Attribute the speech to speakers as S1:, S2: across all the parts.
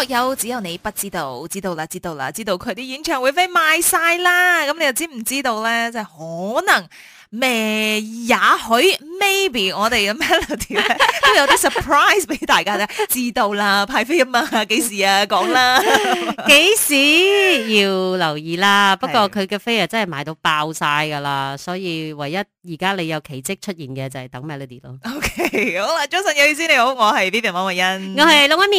S1: 哦、有只有你不知道，知道啦，知道啦，知道佢啲演唱會飛賣晒啦，咁、嗯、你又知唔知道呢？即、就、係、是、可能。咩？也許 maybe 我哋嘅 melody 都 有啲 surprise 俾大家嘅，知道啦，派飛啊嘛，幾時啊講啦？幾時要留意啦？ 不過佢嘅
S2: 飛啊真係買到爆晒㗎啦，是的 所以唯一而家你有奇蹟出現嘅就係等 melody 咯。OK，
S1: 好啦，早晨有意思你好，我係 Bianca 王慧欣，我係老 o n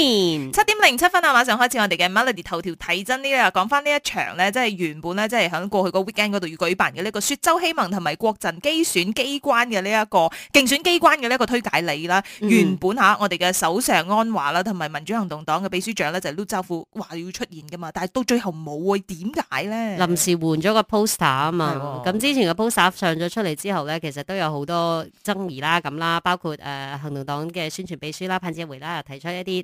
S1: 七點零七分啊，馬上開始我哋嘅 melody 頭條睇真啲啊！講翻呢一場咧，即係原本咧即係響過去個 weekend 嗰度要舉辦嘅呢個雪州希望同埋國。陣機選機關嘅呢一個競選機關嘅呢一個推介禮啦，嗯、原本嚇、啊、我哋嘅首相安華啦，同埋民主行動黨嘅秘書長咧就係陸兆福話要出現嘅嘛，但係到最後冇啊，點解咧？臨時換咗個
S2: poster 啊嘛，咁、哦、之前嘅 poster 上咗出嚟之後咧，其實都有好多爭議啦咁啦，包括誒、呃、行動黨嘅宣傳秘書啦、潘子維啦，提出一啲誒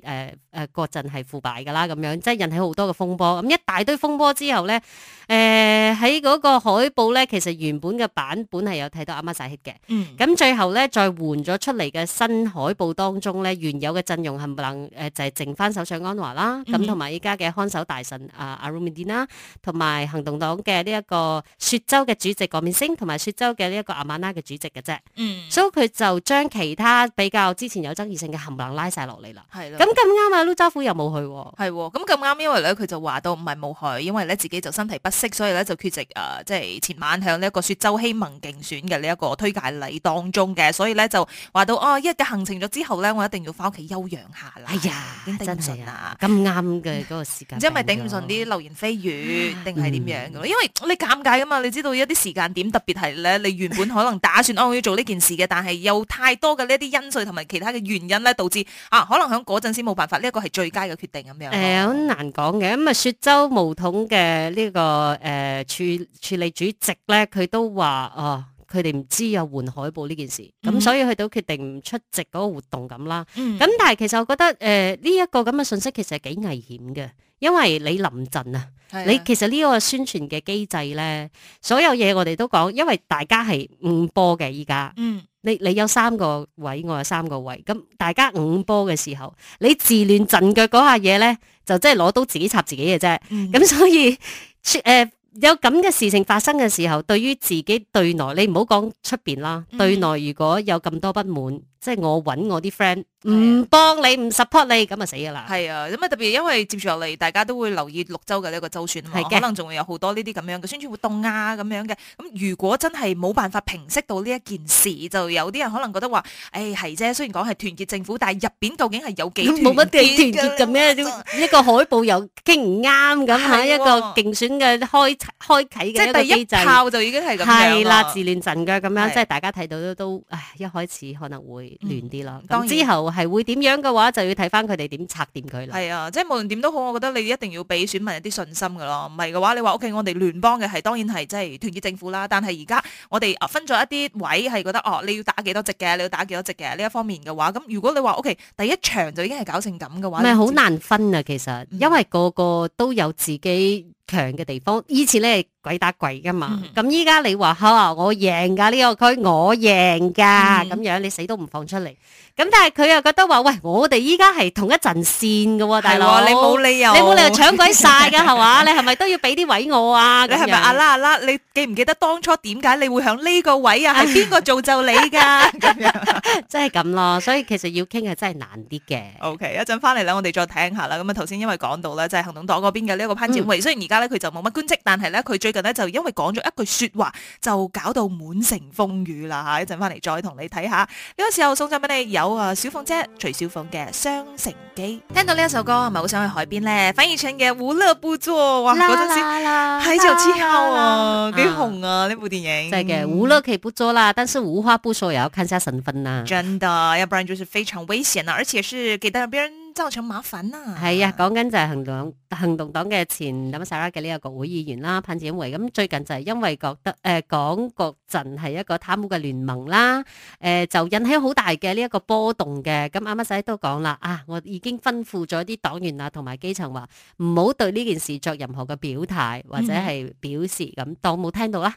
S2: 誒國陣係腐敗嘅啦咁樣，即係引起好多嘅風波。咁一大堆風波之後咧，誒喺嗰個海報咧，其實原本嘅版本，本。真係有睇到阿媽晒血嘅，咁、嗯、最後咧再換咗出嚟，嘅新海報當中咧，原有嘅陣容冚唪能，誒就係剩翻首相安華啦，咁同埋依家嘅看守大臣啊、呃、阿魯米丁啦，同埋行動黨嘅呢一個雪州嘅主席郭面星，同埋雪州嘅呢一個阿馬納嘅主席嘅，啫，嗯、所以佢就
S1: 將其他比較之前有爭議性嘅冚唪能拉晒落嚟啦，係咁咁啱啊，盧州府又冇去、啊，係，咁咁啱，因為咧佢就話到唔係冇去，因為咧自己就身體不適，所以咧就缺席誒，即、呃、係、呃、前晚向呢個雪州希盟。勁。評選嘅呢一個推介禮當中嘅，所以咧就話到哦，一日行程咗之後咧，我一定要翻屋企休養下啦。哎呀，真係啊，咁啱
S2: 嘅嗰個時間，唔知係咪頂唔順啲
S1: 流言蜚語定係點樣嘅？因為你尷尬噶嘛，你知道一啲時間點特別係咧，你原本可能打算哦要做呢件事嘅， 但係有太多嘅呢啲因素同埋其他嘅原因咧，導致啊可能喺嗰陣時冇辦法，呢、這、一個係最佳嘅決定咁樣。誒、呃，
S2: 好難講嘅，咁啊雪州巫統嘅呢、這個誒處、呃、處理主席咧，佢都話哦。哦佢哋唔知有換海報呢件事，咁、嗯、所以去到決定唔出席嗰個活動咁啦。咁、嗯、但係其實我覺得誒呢一個咁嘅訊息其實係幾危險嘅，因為你臨陣啊，啊你其實呢個宣傳嘅機制呢，所有嘢我哋都講，因為大家係五波嘅而家，嗯，你你有三個位，我有三個位，咁大家五波嘅時候，你自亂陣腳嗰下嘢呢，就真係攞刀自己插自己嘅啫。咁、嗯、所以誒。呃有咁嘅事情發生嘅時候，對於自己對內，你唔好講出面啦。嗯、對內如果有咁多不滿。即係我揾我啲 friend，唔幫你唔 support 你，咁啊死啦！
S1: 係啊，咁啊特別因為接住落嚟，大家都會留意六州嘅呢個州選啊，的可能仲會有好多呢啲咁樣嘅宣傳活動啊，咁樣嘅。咁如果真係冇辦法平息到呢一件事，就有啲人可能覺得話：，誒係啫，雖然講係團結政府，但係入邊究竟係有幾冇乜嘢團結嘅咩？
S2: 一個海報又傾唔啱，咁啊 一個競選嘅開開啟嘅，即係第一炮就已經係咁。係啦，自亂陣腳咁樣，即係的大家睇到都都，唉，一開始可
S1: 能會。亂啲啦，嗯、當之
S2: 後係會點樣嘅話，就要睇翻佢哋點拆掂佢啦。係啊，
S1: 即係無論點都好，我覺得你一定要俾選民一啲信心噶咯。唔係嘅話，你話 O K，我哋聯邦嘅係當然係即係團結政府啦。但係而家我哋分咗一啲位，係覺得哦，你要打幾多席嘅，啊，你要打幾多席嘅、啊、呢一方面嘅話，咁如果你話 O K，第一場就已經係搞成咁嘅話，唔係好
S2: 難分啊。其實、嗯、因為個個都有自己。強嘅地方，以前咧鬼打鬼噶嘛，咁依家你話啊我贏噶呢個區，我贏噶咁樣，你死都唔放出嚟。咁但係佢又覺得話喂，我哋依家係同一陣線嘅喎，大佬、哦，你冇理由，你冇理由搶鬼晒嘅係嘛？你
S1: 係咪都要俾啲位我啊？係咪？阿啦阿啦，你記唔記得當初點解你會響呢個位啊？係邊個造就你㗎？咁樣，真係咁咯。所以其實要傾係真係難啲嘅。OK，一陣翻嚟咧，我哋再聽下啦。咁啊頭先因為講到咧，就係、是、行動黨嗰邊嘅呢、這個潘志偉。嗯、雖然而家咧佢就冇乜官職，但係咧佢最近咧就因為講咗一句説話，就搞到滿城風雨啦嚇。一陣翻嚟再同你睇下。呢、這個時候送贈俾你好啊，小鳳姐徐小鳳嘅《雙城記》，聽到呢一首歌係咪好想去海邊咧？范逸臣唱嘅無樂不作，哇，嗰陣啦時係海角七號啊，幾啦紅啊呢部電影。啊、真嘅，無樂
S2: 可以不作啦，但是無話不說也要看下身份啊。真
S1: 的，要不然就是非常危險啊，而且是給當別人。造成麻煩啊！
S2: 係啊，講緊就係行動行動黨嘅前阿乜曬拉嘅呢一個國會議員啦，潘展華。咁最近就係因為覺得誒、呃、講國陣係一個貪污嘅聯盟啦，誒、呃、就引起好大嘅呢一個波動嘅。咁啱啱曬都講啦，啊，我已經吩咐咗啲黨員啊同埋基層話，唔好對呢件事作任何嘅表態或者係表示，咁、嗯、當
S1: 冇聽到啦。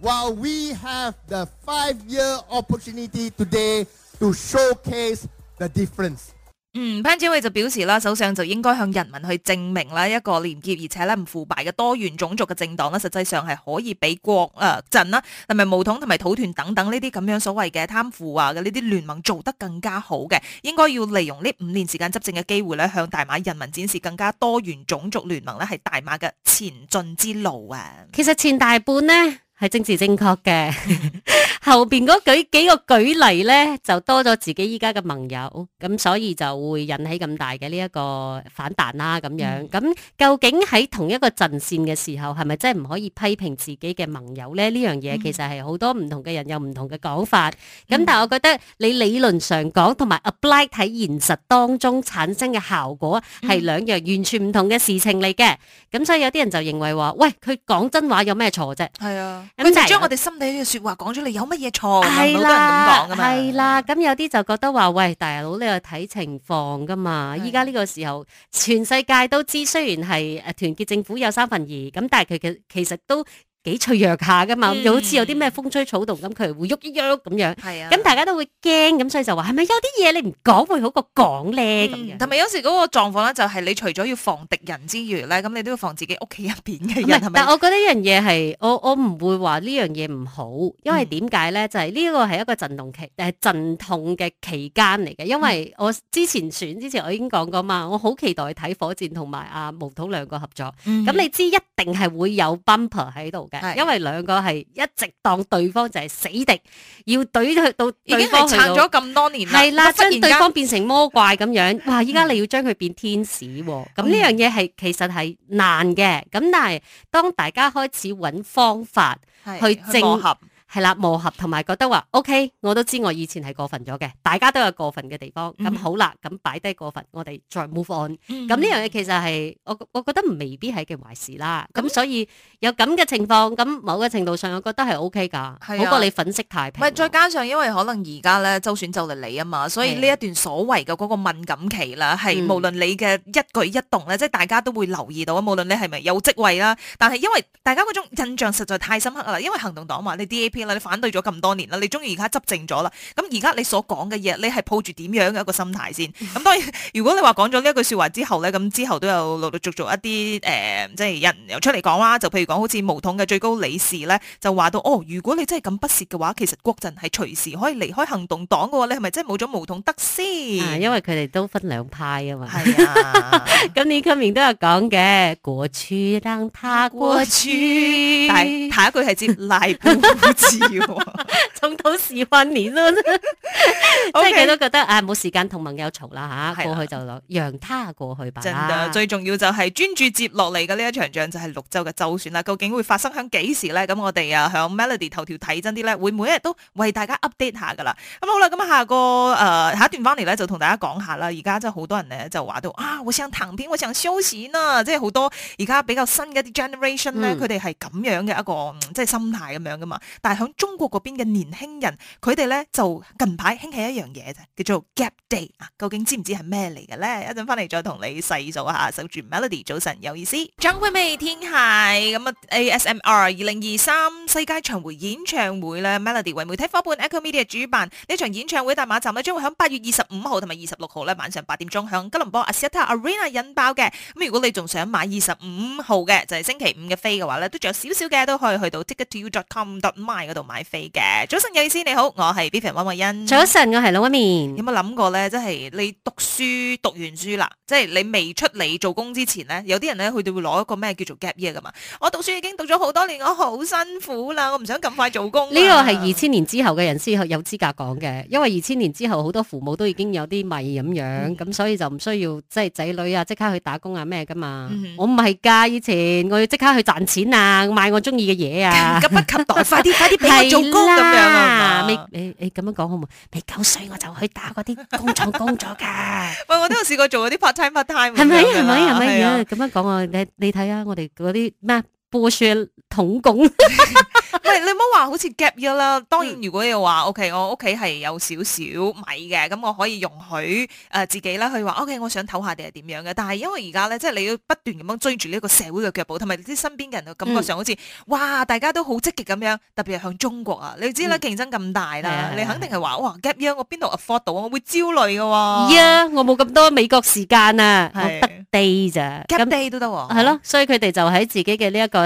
S1: While we have the five-year opportunity today to showcase the difference。嗯，潘志偉就表示啦，首相就應該向人民去證明啦，一個廉潔而且咧唔腐敗嘅多元種族嘅政黨咧，實際上係可以比國誒、呃、陣啦，同埋巫統同埋土團等等呢啲咁樣所謂嘅貪腐啊嘅呢啲聯盟做得更加好嘅，應該要利用呢五年時間執政嘅機會咧，向大馬人民展示更加多元種族聯盟咧係大馬嘅前進之路啊！
S2: 其實前大半呢。係政治正確嘅。後邊嗰舉幾個舉例呢就多咗自己依家嘅盟友，咁所以就會引起咁大嘅呢一個反彈啦、啊。咁樣咁、嗯、究竟喺同一個陣線嘅時候，係咪真係唔可以批評自己嘅盟友呢？呢樣嘢其實係好多唔同嘅人有唔同嘅講法。咁、嗯、但係我覺得你理論上講同埋 apply 喺現實當中產生嘅效果係兩、嗯、樣完全唔同嘅事情嚟嘅。咁所以有啲人就認為話：喂，佢講真話有咩錯啫？係
S1: 啊，佢就將我哋心底嘅個說話講出嚟，有咩？啲嘢錯係啦，
S2: 係啦的，咁有啲就覺得話，喂，大佬你個睇情況噶嘛，依家呢個時候全世界都知，雖然係誒團結政府有三分二，咁但係佢嘅其實都幾脆弱下噶嘛，又、嗯、好似有啲咩風吹草動，咁佢會喐一喐咁樣。係啊，咁大家都會驚，咁所以就話係咪有啲嘢你唔講會好過講咧
S1: 咁樣？同埋有時嗰個狀況咧，就係你除咗要防敵人之餘咧，咁你都要防自己屋企入邊
S2: 嘅人。是是是，但係我覺得一樣嘢係，我我唔會話呢樣嘢唔好，因為點解咧？嗯、就係呢個係一個陣痛期，誒陣痛嘅期間嚟嘅。因為我之前選之前，我已經講過嘛，我好期待睇火箭同埋阿毛肚兩個合作。咁、嗯嗯、你知一定係會有 bumper 喺度。因為兩個係一直當對方就係死敵，要懟佢到已經對方
S1: 去到係啦，將的對方
S2: 變成魔怪咁樣，哇！依家你要將佢變天使，咁呢、嗯、樣嘢係其實係難嘅。咁但係當大家開始揾方法去整合。係啦，磨合同埋覺得話，O K，我都知我以前係過分咗嘅，大家都有過分嘅地方，咁好啦，咁擺低過分，我哋再 move on，咁呢、嗯、哼樣嘢，其實係我我覺得未必係件壞事啦，咁所
S1: 以有咁嘅情況，咁
S2: 某個程度上，我覺得係 O K 噶，好過你粉飾太平。再
S1: 加上因為可能而家咧州選，就嚟你啊嘛，所以呢一段所謂嘅嗰個敏感期啦，係無論你嘅一舉一動咧，嗯、即係大家都會留意到啊，無論你係咪有職位啦，但係因為大家嗰種印象實在太深刻啦，因為行動黨話，你 DAP 你反對咗咁多年啦，你終於而家執政咗啦，咁而家你所講嘅嘢，你係抱住點樣嘅一個心態先？咁、嗯、當然，如果你話講咗呢一句説話之後咧，咁之後都有陸陸續續一啲誒、呃，即係人又出嚟講啦，就譬如講好似巫統嘅最高理事咧，就話到哦，如果你真係咁不屑嘅話，其實國陣係隨時可以離開行動黨嘅喎，你係咪真係冇咗巫統得先、啊？因為佢哋都分兩派啊嘛。係啊，咁李克明都有講嘅，過去能他
S2: 過去。但係下一句係接賴。 知喎，重到 時訓練咯，即係佢都覺得啊冇時間同朋友嘈啦嚇，過去就讓他
S1: 過去吧。真嘅，最重要就係專注接落嚟嘅呢一場仗就係、是、六洲六週嘅周旋啦。究竟會發生喺幾時咧？咁我哋啊喺 Melody 頭條睇真啲咧，會，會每日都為大家 update 下噶啦。咁好啦，咁下個誒、呃、下一段翻嚟咧，就同大家講下啦。而家真係好多人咧就話到啊，我想騰片，我想消 h o 啊！即係好多而家比較新嘅一啲 generation 咧，佢哋係咁樣嘅一個即係心態咁樣噶嘛，但喺中國嗰邊嘅年輕人，佢哋咧就近排興起一樣嘢就叫做 Gap Day。啊，究竟知唔知係咩嚟嘅咧？一陣翻嚟再同你細數下。守住 Melody 早晨有意思，張惠妹天蟹咁啊，ASMR 二零二三世界巡回演唱會咧，Melody 為媒體伙伴 Echo Media 主辦呢場演唱會大馬站咧，將會喺八月二十五號同埋二十六號咧晚上八點鐘喺吉隆坡 Astana Arena 引爆嘅。咁、嗯、如果你仲想買二十五號嘅，就係、是、星期五嘅飛嘅話咧，都仲有少少嘅都可以去到 ticket2u.com.my 嗰度買飛嘅早晨有意思，你好，我係 Beverly 溫慧欣。早
S2: 晨，我係老屈面。有冇
S1: 諗過咧？即係你讀書讀完書啦，即係你未出嚟做工之前咧，有啲人咧佢哋會攞一個咩叫做 gap year 噶嘛？我讀書已經讀咗好多年，我好辛苦啦，我唔想咁快做工。呢個係二
S2: 千年之後嘅人先有資格講嘅，因為二千年之後好多父母都已經有啲米咁樣，咁、嗯、哼所以就唔需要即係仔女啊，即刻去打工啊咩噶嘛。嗯、哼我唔係噶，以前我要即刻去賺錢啊，買我中意嘅嘢啊，急 不及待，快啲快啲。你係啦，係咪你你你咁樣講好冇？你九歲我就去打嗰啲工廠工作噶。
S1: 喂，我都有試過做嗰啲 part time part time，係咪？係咪？係咪
S2: 咁樣講啊，你你睇下我哋嗰啲咩話 說統共，
S1: 喂，你唔好話好似 gap year 啦。當然，如果你話 O K，我屋企係有少少米嘅，咁我可以容許誒、呃、自己啦，去話 O K，我想唞下定係點樣嘅。但係因為而家咧，即係你要不斷咁樣追住呢一個社會嘅腳步，同埋啲身邊人嘅感覺上好，好似、嗯、哇，大家都好積極咁樣，特別係向中國啊，你知啦，競爭咁大啦，嗯、你肯定係話哇，gap year 我邊度 afford 到我會焦慮嘅，yeah,
S2: 我冇咁多美國時間啊， 我得 day 咋，gap day 都得，啊，係咯，所以佢哋就喺自己嘅呢一個。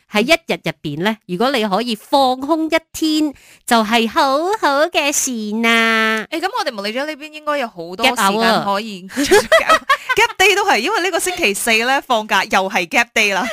S2: 喺一日入邊咧，如果你可以放空一天，就係好好嘅事啊！
S1: 誒，咁我哋冇嚟咗呢邊，應該有好多時間可以。gap day 都係，因為呢個星期四咧放假，又係 gap day 啦。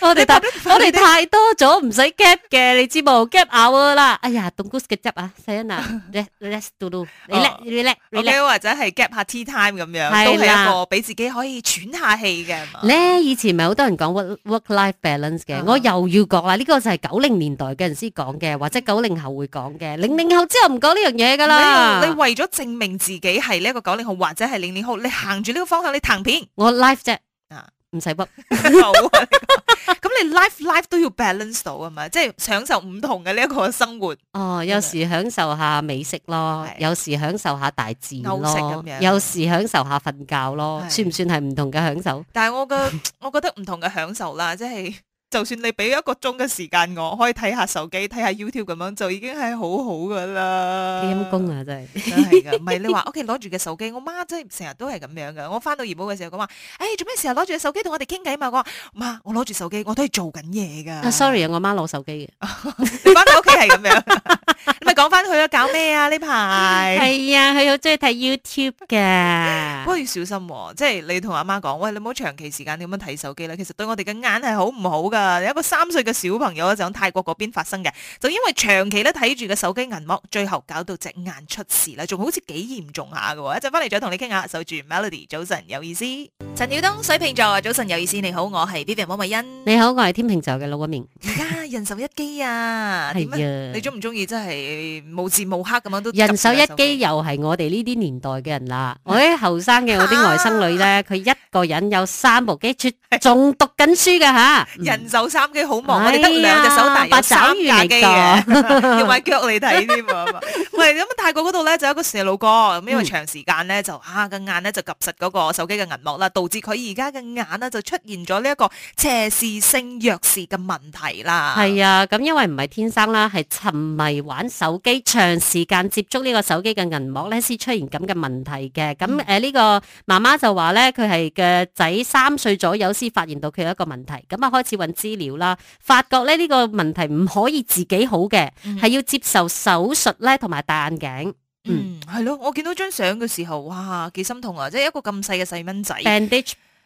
S1: 我哋我哋太多咗，唔使 gap 嘅，你知冇
S2: ？gap out 啦。哎呀，凍 Goose 嘅汁啊，細欣啊，let let's do do。你叻
S1: ，relax，relax，或者係 gap 下 tea time 咁樣，都係一個俾自己可以喘下氣
S2: 嘅。咧，以前咪好多人講 work work life balance 嘅，我有。又要講啦，呢個就係九零年代嘅人先講嘅，或者九零後會講嘅，零零後之後唔講呢樣嘢噶啦。你
S1: 為咗證明自己係呢一個九零後或者係零零後，你行住呢個方向你彈片，我 life 啫，啊
S2: 唔使屈好。
S1: 咁你 life life 都要 balance 到啊嘛，即係享受唔同嘅呢一個生活。
S2: 哦，有時享受下美食咯，有時享受下大自然咯，有時享受下瞓覺咯，算唔算係唔同嘅享受？
S1: 但係我覺，我覺得唔同嘅享受啦，即係。就算你俾一個鐘嘅時間，我可以睇下手機，睇下 YouTube 咁樣，就已經係好好噶啦。幾陰功啊，真係，係啊，唔係你話屋企攞住個手機，我媽真係成日都係咁樣噶。我翻到二寶嘅時候，講話，誒、欸，做咩成日攞住個手機同我哋傾偈嘛？我話媽，我攞住手機，我都係做緊嘢噶。sorry，我媽攞手機嘅，翻 到屋企係咁樣。 你咪講翻佢咯，搞咩啊？呢排係啊，佢好中意睇
S2: YouTube 嘅，不過
S1: 要小心、啊，即係你同阿媽講，喂，你唔好長期時間點樣睇手機啦，其實對我哋嘅眼係好唔好噶。啊！有一個三歲嘅小朋友喺泰國嗰邊發生嘅，就因為長期咧睇住個手機銀幕，最後搞到隻眼出事啦，仲好似幾嚴重下嘅。一陣翻嚟，再同你傾下。守住 Melody，早晨有意思。陳曉東水瓶座，早晨有意思。你好，我係 B B 汪美欣。
S2: 你好，我係天秤座嘅老阿明。而家
S1: 人手一機啊，係咩， 你中唔中意？真係無時無刻咁樣都手機人手一機，
S2: 又係我哋呢啲年代嘅人啦、 哎。我啲後生嘅，我啲外甥女咧，佢一個人有三部機，
S1: 仲讀緊書嘅吓。 人手三機好忙，哎、呀我哋得兩隻兩隻手打三架機嘅，用埋腳嚟睇添啊！唔係咁啊！泰國嗰度咧就有一個蛇佬哥，因為長時間咧就、嗯、啊個眼咧就 𥄫 實嗰個手機嘅銀幕啦，導致佢而家嘅眼咧就出現咗呢一個斜視性弱視嘅問題啦。係
S2: 啊，咁因為唔係天生啦，係沉迷玩手機，長時間接觸呢個手機嘅銀幕咧，先出現咁嘅問題嘅。咁誒呢個媽媽就話咧，佢係嘅仔三歲左右先發現到佢有一個問題，咁啊開始資料啦，發覺咧呢個問題唔可以自己好嘅，係、嗯、要接受手術咧同埋戴眼鏡。嗯，
S1: 係咯、嗯，我見到張相嘅時候，哇，幾心痛啊！即係一個咁細嘅細蚊仔。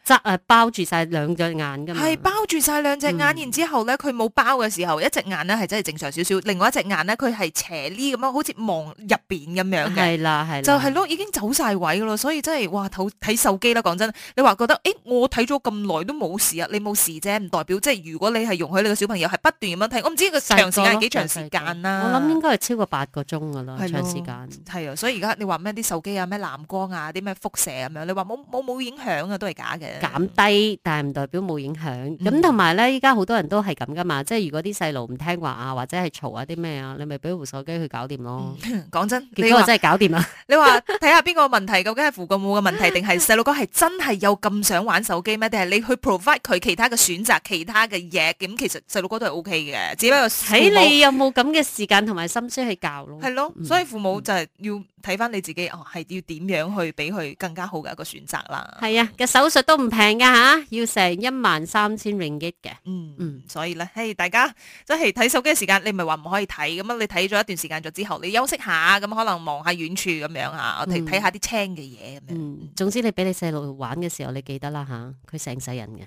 S1: 誒包住晒兩隻眼噶，係包住晒兩隻眼，然之後咧佢冇包嘅時候，一隻眼咧係真係正常少少，另外一隻眼咧佢係斜呢咁樣，好似望入邊咁樣嘅。係啦係，就係咯，已經走晒位咯，所以真係哇，睇手機啦，講真，你話覺得誒，欸，我睇咗咁耐都冇事啊，你冇事啫，唔代表即係如果你係容許你個小朋友係不斷咁樣睇，我唔知個長時間幾長時間啦，啊。我諗應
S2: 該係超過八個鐘噶啦，的長時間。
S1: 係啊，所以而家你話咩啲手機啊咩藍光啊啲咩輻射咁樣，你話冇冇冇影響啊都係假嘅。
S2: 減低，但係唔代表冇影響。咁同埋咧，依家好多人都係咁噶嘛，即係如果啲細路唔聽話啊，或者係嘈啊啲咩啊，你咪俾部手機佢搞掂咯。講真，你結果真係搞掂啦
S1: 說。 你話睇下邊個問題，究竟係父母嘅問題，定係細路哥係真係有咁想玩手機咩？定係你去 provide 佢其他嘅選擇，其他嘅嘢？咁其實細路哥都係 OK 嘅，只不過睇你有冇咁嘅時間同埋心思去教咯。係咯，所以父母就係要。嗯睇翻你自己哦，係要點樣去俾佢更加好嘅一個選擇啦。係啊，嘅手術都唔平噶吓，要成一萬三千令吉嘅。嗯嗯，嗯所以咧，嘿，大家即係睇手機嘅時間，你唔係話唔可以睇咁啊？你睇咗一段時間咗之後，你休息下，咁可能望下遠處咁樣吓，我睇睇下啲青嘅嘢咁樣。
S2: 嗯，總之你俾你細路玩嘅時候，你記得啦吓，佢成世人嘅。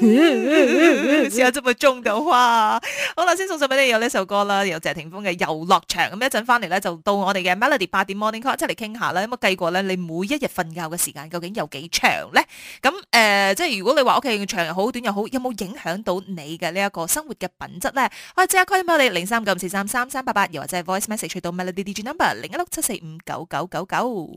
S1: 試下做咪中到啊！好啦，先送送俾你有呢首歌啦，由謝霆鋒嘅《遊樂場》。咁一陣翻嚟咧，就到我哋嘅《Melody》八點 Morning Call 出嚟傾下啦。咁啊，計過咧，你每一日瞓覺嘅時間究竟有幾長咧？咁、嗯、誒、呃，即係如果你話屋企長又好，短又好，有冇影響到你嘅呢一個生活嘅品質咧？可以我哋即刻 call 緊俾你零三九四三三三八八，8, 又或者係 Voice Message 去到 Melody DJ Number 零一六七四五九九九九。